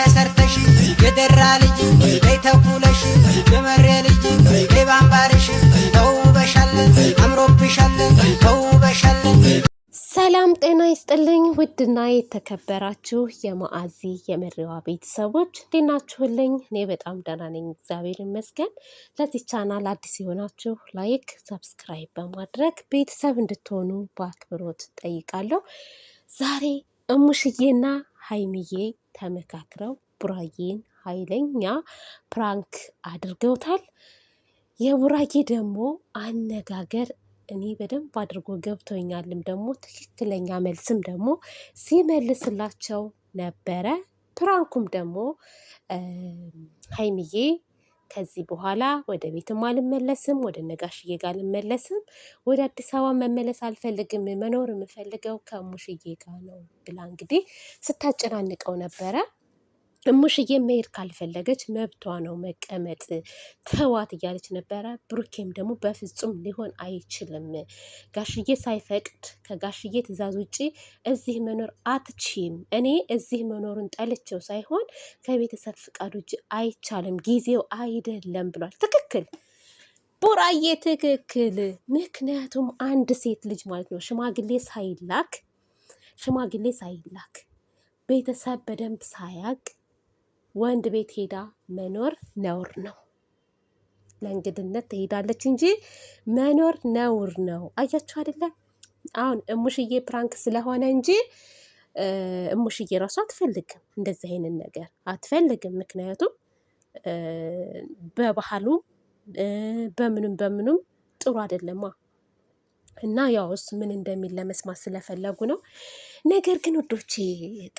ተሰርተሽ የደራ ልጅ በይ ተኩለሽ የመሬ ልጅ ባንባርሽ ባምባርሽ ተውበሻለን አምሮብሻለን ተውበሻለን። ሰላም ጤና ይስጥልኝ። ውድና የተከበራችሁ የማአዚ የመሪዋ ቤተሰቦች እንዴናችሁልኝ? እኔ በጣም ደህና ነኝ፣ እግዚአብሔር ይመስገን። ለዚህ ቻናል አዲስ የሆናችሁ ላይክ፣ ሰብስክራይብ በማድረግ ቤተሰብ እንድትሆኑ በአክብሮት ጠይቃለሁ። ዛሬ እሙሽዬና ሀይሚዬ ተመካክረው ቡራዬን ኃይለኛ ፕራንክ አድርገውታል። የቡራዬ ደግሞ አነጋገር እኔ በደንብ አድርጎ ገብቶኛልም ደግሞ ትክክለኛ መልስም ደግሞ ሲመልስላቸው ነበረ። ፕራንኩም ደግሞ ሀይምዬ። ከዚህ በኋላ ወደ ቤትም አልመለስም፣ ወደ ነጋሽዬ ጋር አልመለስም፣ ወደ አዲስ አበባ መመለስ አልፈልግም፣ መኖር የምፈልገው ከሙሽዬ ጋር ነው ብላ እንግዲህ ስታጨናንቀው ነበረ። እሙሽዬ መሄድ ካልፈለገች መብቷ ነው መቀመጥ ተዋት እያለች ነበረ። ብሩኬም ደግሞ በፍጹም ሊሆን አይችልም፣ ጋሽዬ ሳይፈቅድ ከጋሽዬ ትዕዛዝ ውጭ እዚህ መኖር አትችም። እኔ እዚህ መኖሩን ጠልቸው ሳይሆን ከቤተሰብ ፍቃድ ውጭ አይቻልም፣ ጊዜው አይደለም ብሏል። ትክክል ቡራዬ፣ ትክክል። ምክንያቱም አንድ ሴት ልጅ ማለት ነው ሽማግሌ ሳይላክ ሽማግሌ ሳይላክ ቤተሰብ በደንብ ሳያቅ ወንድ ቤት ሄዳ መኖር ነውር ነው። ለእንግድነት ትሄዳለች እንጂ መኖር ነውር ነው። አያችሁ አይደለ? አሁን እሙሽዬ ፕራንክ ስለሆነ እንጂ እሙሽዬ ራሱ አትፈልግም፣ እንደዚህ አይነት ነገር አትፈልግም። ምክንያቱም በባህሉ በምኑም በምኑም ጥሩ አይደለማ። እና ያው እሱ ምን እንደሚል ለመስማት ስለፈለጉ ነው። ነገር ግን ውዶቼ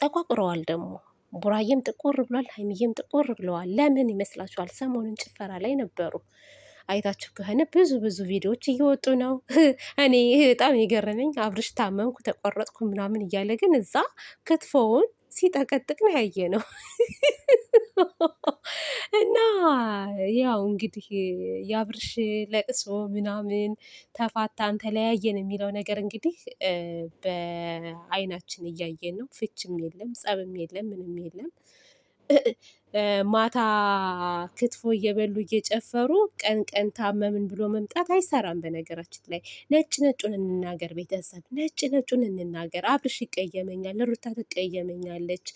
ጠቋቁረዋል ደግሞ ቡራዬም ጥቁር ብሏል፣ ሀይሚዬም ጥቁር ብለዋል። ለምን ይመስላችኋል? ሰሞኑን ጭፈራ ላይ ነበሩ። አይታችሁ ከሆነ ብዙ ብዙ ቪዲዮዎች እየወጡ ነው። እኔ በጣም የገረመኝ አብርሽ ታመምኩ፣ ተቆረጥኩ ምናምን እያለ ግን እዛ ክትፎውን ሲጠቀጥቅ ነው ያየ ነው። እና ያው እንግዲህ የአብርሽ ለቅሶ ምናምን ተፋታን ተለያየን የሚለው ነገር እንግዲህ በአይናችን እያየን ነው። ፍችም የለም፣ ጸብም የለም፣ ምንም የለም። ማታ ክትፎ እየበሉ እየጨፈሩ ቀን ቀን ታመምን ብሎ መምጣት አይሰራም። በነገራችን ላይ ነጭ ነጩን እንናገር፣ ቤተሰብ ነጭ ነጩን እንናገር። አብርሽ ይቀየመኛል፣ ሩታ ትቀየመኛለች፣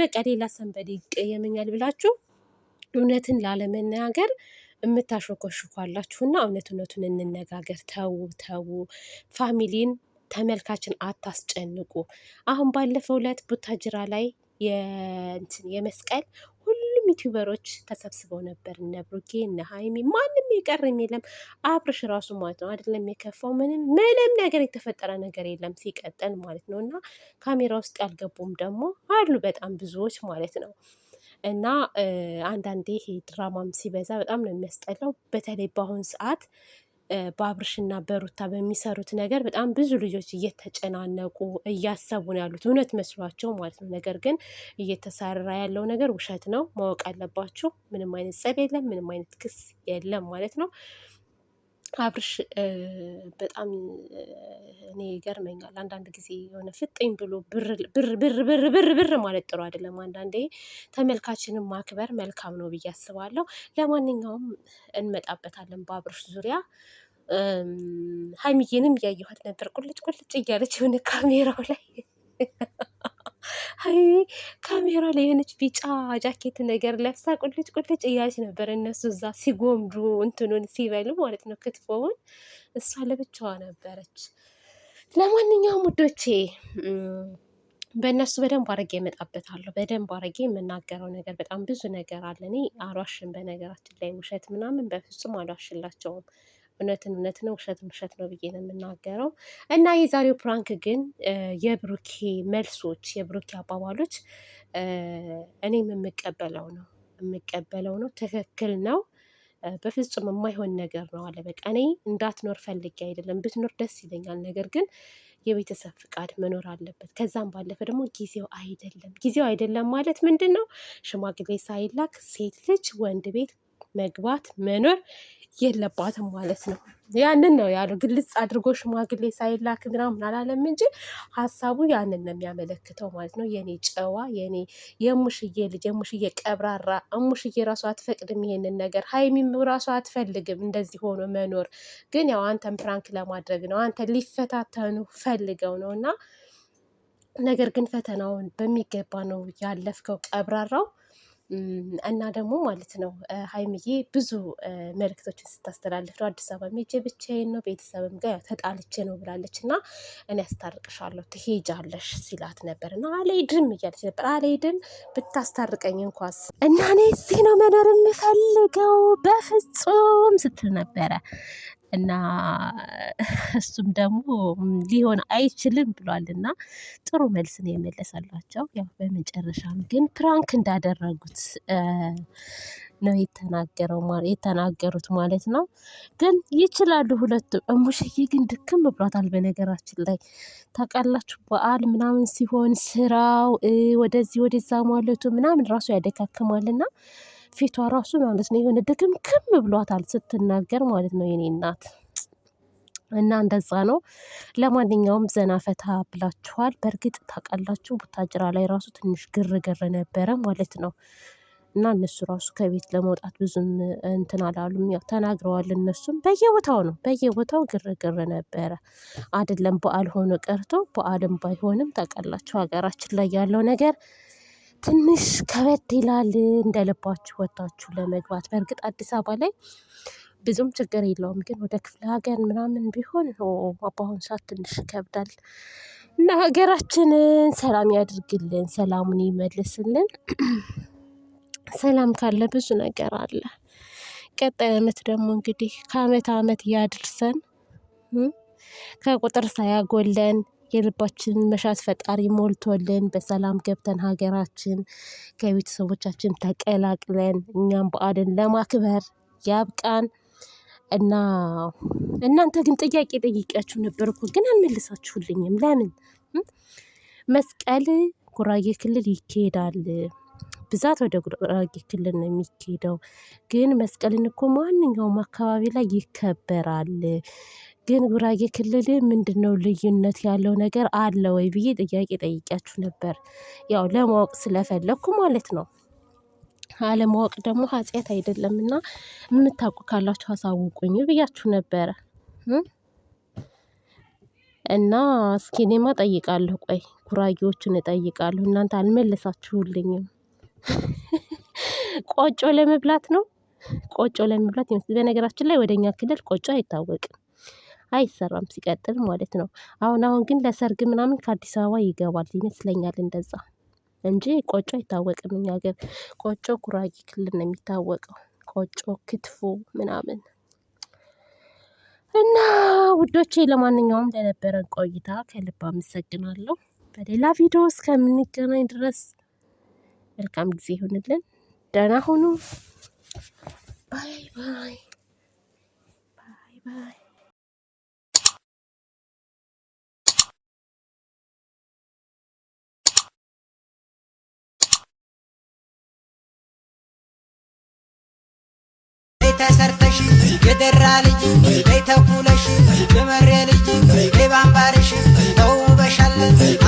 በቃ ሌላ ሰንበዴ ይቀየመኛል ብላችሁ እውነትን ላለመናገር የምታሾኮሽኳላችሁና እውነት እውነቱን እንነጋገር። ተዉ ተዉ፣ ፋሚሊን ተመልካችን አታስጨንቁ። አሁን ባለፈው ዕለት ቡታጅራ ላይ የመስቀል ሁሉም ዩቲዩበሮች ተሰብስበው ነበር። እነ ብሩኬ እነ ሀይሚ ማንም የቀረም የለም። አብርሽ ራሱ ማለት ነው አይደለም የከፋው ምንም ምንም ነገር የተፈጠረ ነገር የለም ሲቀጠል ማለት ነው። እና ካሜራ ውስጥ ያልገቡም ደግሞ አሉ በጣም ብዙዎች ማለት ነው። እና አንዳንዴ ይሄ ድራማም ሲበዛ በጣም ነው የሚያስጠላው። በተለይ በአሁን ሰዓት በአብርሽና በሩታ በሚሰሩት ነገር በጣም ብዙ ልጆች እየተጨናነቁ እያሰቡ ነው ያሉት እውነት መስሏቸው ማለት ነው። ነገር ግን እየተሰራ ያለው ነገር ውሸት ነው ማወቅ አለባቸው። ምንም አይነት ጸብ የለም፣ ምንም አይነት ክስ የለም ማለት ነው። አብርሽ በጣም እኔ ይገርመኛል አንዳንድ ጊዜ የሆነ ፍጥኝ ብሎ ብር ብር ብር ብር ብር ማለት ጥሩ አይደለም። አንዳንዴ ተመልካችንን ማክበር መልካም ነው ብዬ አስባለሁ። ለማንኛውም እንመጣበታለን በአብርሽ ዙሪያ ሀይሚዬንም እያየኋት ነበር። ቁልጭ ቁልጭ እያለች የሆነ ካሜራው ላይ ሀይሚ ካሜራ ላይ የሆነች ቢጫ ጃኬት ነገር ለብሳ ቁልጭ ቁልጭ እያለች ነበር። እነሱ እዛ ሲጎምዱ እንትኑን ሲበሉ ማለት ነው ክትፎውን፣ እሷ ለብቻዋ ነበረች። ለማንኛውም ውዶቼ በእነሱ በደንብ አድርጌ እመጣበታለሁ። በደንብ አድርጌ የምናገረው ነገር በጣም ብዙ ነገር አለ። እኔ አሏሽን፣ በነገራችን ላይ ውሸት ምናምን በፍጹም አሏሽላቸውም። እውነትን እውነት ነው፣ ውሸትን ውሸት ነው ብዬ ነው የምናገረው። እና የዛሬው ፕራንክ ግን የብሩኬ መልሶች፣ የብሩኬ አባባሎች እኔም የምቀበለው ነው የምቀበለው ነው። ትክክል ነው። በፍጹም የማይሆን ነገር ነው አለ። በቃ እኔ እንዳትኖር ፈልጌ አይደለም፣ ብትኖር ደስ ይለኛል። ነገር ግን የቤተሰብ ፍቃድ መኖር አለበት። ከዛም ባለፈ ደግሞ ጊዜው አይደለም። ጊዜው አይደለም ማለት ምንድን ነው? ሽማግሌ ሳይላክ ሴት ልጅ ወንድ ቤት መግባት መኖር የለባትም ማለት ነው። ያንን ነው ያለው ግልጽ አድርጎ ሽማግሌ ሳይላክ ምናምን አላለም እንጂ ሀሳቡ ያንን ነው የሚያመለክተው ማለት ነው። የኔ ጨዋ የኔ የሙሽዬ ልጅ የሙሽዬ ቀብራራ እሙሽዬ ራሱ አትፈቅድም ይሄንን ነገር፣ ሀይሚም ራሱ አትፈልግም እንደዚህ ሆኖ መኖር። ግን ያው አንተን ፕራንክ ለማድረግ ነው አንተ ሊፈታተኑ ፈልገው ነው እና ነገር ግን ፈተናውን በሚገባ ነው ያለፍከው ቀብራራው እና ደግሞ ማለት ነው ሀይምዬ ብዙ መልእክቶችን ስታስተላልፍ ነው። አዲስ አበባ ሄጄ ብቻዬን ነው ቤተሰብም ጋር ተጣልቼ ነው ብላለች እና እኔ ያስታርቅሻለሁ ትሄጃለሽ ሲላት ነበር እና አልሄድም እያለች ነበር። አልሄድም ብታስታርቀኝ እንኳስ እና እኔ እዚህ ነው መኖር የምፈልገው በፍጹም ስትል ነበረ። እና እሱም ደግሞ ሊሆን አይችልም ብሏል እና ጥሩ መልስ ነው የመለሰላቸው። ያው በመጨረሻም ግን ፕራንክ እንዳደረጉት ነው የተናገረው የተናገሩት ማለት ነው። ግን ይችላሉ ሁለቱም። እሙሽዬ ግን ድክም ብሏታል። በነገራችን ላይ ታውቃላችሁ፣ በዓል ምናምን ሲሆን ስራው ወደዚህ ወደዛ ማለቱ ምናምን ራሱ ያደካክማልና ፊቷ ራሱ ማለት ነው የሆነ ድግም ክም ብሏታል ስትናገር ማለት ነው የኔ እናት። እና እንደዛ ነው። ለማንኛውም ዘና ፈታ ብላችኋል። በእርግጥ ታውቃላችሁ ቡታጅራ ላይ ራሱ ትንሽ ግርግር ነበረ ማለት ነው። እና እነሱ ራሱ ከቤት ለመውጣት ብዙም እንትን አላሉም። ያው ተናግረዋል። እነሱም በየቦታው ነው በየቦታው ግርግር ነበረ። አይደለም በዓል ሆኖ ቀርቶ በዓልም ባይሆንም ታውቃላችሁ ሀገራችን ላይ ያለው ነገር ትንሽ ከበድ ይላል እንደ ልባችሁ ለመግባት በእርግጥ አዲስ አበባ ላይ ብዙም ችግር የለውም። ግን ወደ ክፍለ ሀገር ምናምን ቢሆን በአሁኑ ሰዓት ትንሽ ይከብዳል። እና ሀገራችንን ሰላም ያድርግልን ሰላሙን ይመልስልን። ሰላም ካለ ብዙ ነገር አለ። ቀጣይ አመት ደግሞ እንግዲህ ከአመት አመት እያድርሰን ከቁጥር ሳያጎለን የልባችንን መሻት ፈጣሪ ሞልቶልን በሰላም ገብተን ሀገራችን ከቤተሰቦቻችን ተቀላቅለን እኛም በዓልን ለማክበር ያብቃን። እና እናንተ ግን ጥያቄ ጠይቂያችሁ ነበር እኮ ግን አልመልሳችሁልኝም። ለምን መስቀል ጉራጌ ክልል ይካሄዳል? ብዛት ወደ ጉራጌ ክልል ነው የሚካሄደው። ግን መስቀልን እኮ ማንኛውም አካባቢ ላይ ይከበራል። ግን ጉራጌ ክልል ምንድነው ልዩነት ያለው ነገር አለ ወይ ብዬ ጥያቄ ጠይቂያችሁ ነበር። ያው ለማወቅ ስለፈለኩ ማለት ነው። አለማወቅ ደግሞ ኃጢአት እና የምታውቁ ካላችሁ አሳውቁኝ ብያችሁ ነበረ። እና እስኪ እኔማ እጠይቃለሁ ቆይ ጉራጌዎቹን እጠይቃለሁ እናንተ አልመለሳችሁልኝም። ቆጮ ለመብላት ነው። ቆጮ ለመብላት ይመስል በነገራችን ላይ ወደኛ ክልል ቆጮ አይታወቅም አይሰራም ሲቀጥል ማለት ነው። አሁን አሁን ግን ለሰርግ ምናምን ከአዲስ አበባ ይገባል ይመስለኛል እንደዛ እንጂ ቆጮ አይታወቅም እኛ ሀገር ቆጮ ጉራጌ ክልል ነው የሚታወቀው ቆጮ ክትፎ ምናምን። እና ውዶቼ ለማንኛውም ለነበረን ቆይታ ከልብ አመሰግናለሁ። በሌላ ቪዲዮ እስከምንገናኝ ድረስ መልካም ጊዜ ይሁንልን። ደህና ሁኑ። ባይ ባይ ባይ ባይ ተሰርተሽ የደራ ልጅ በይ ተኩለሽ የመሬ ልጅ በይ ባምባርሽ ተውበሻለን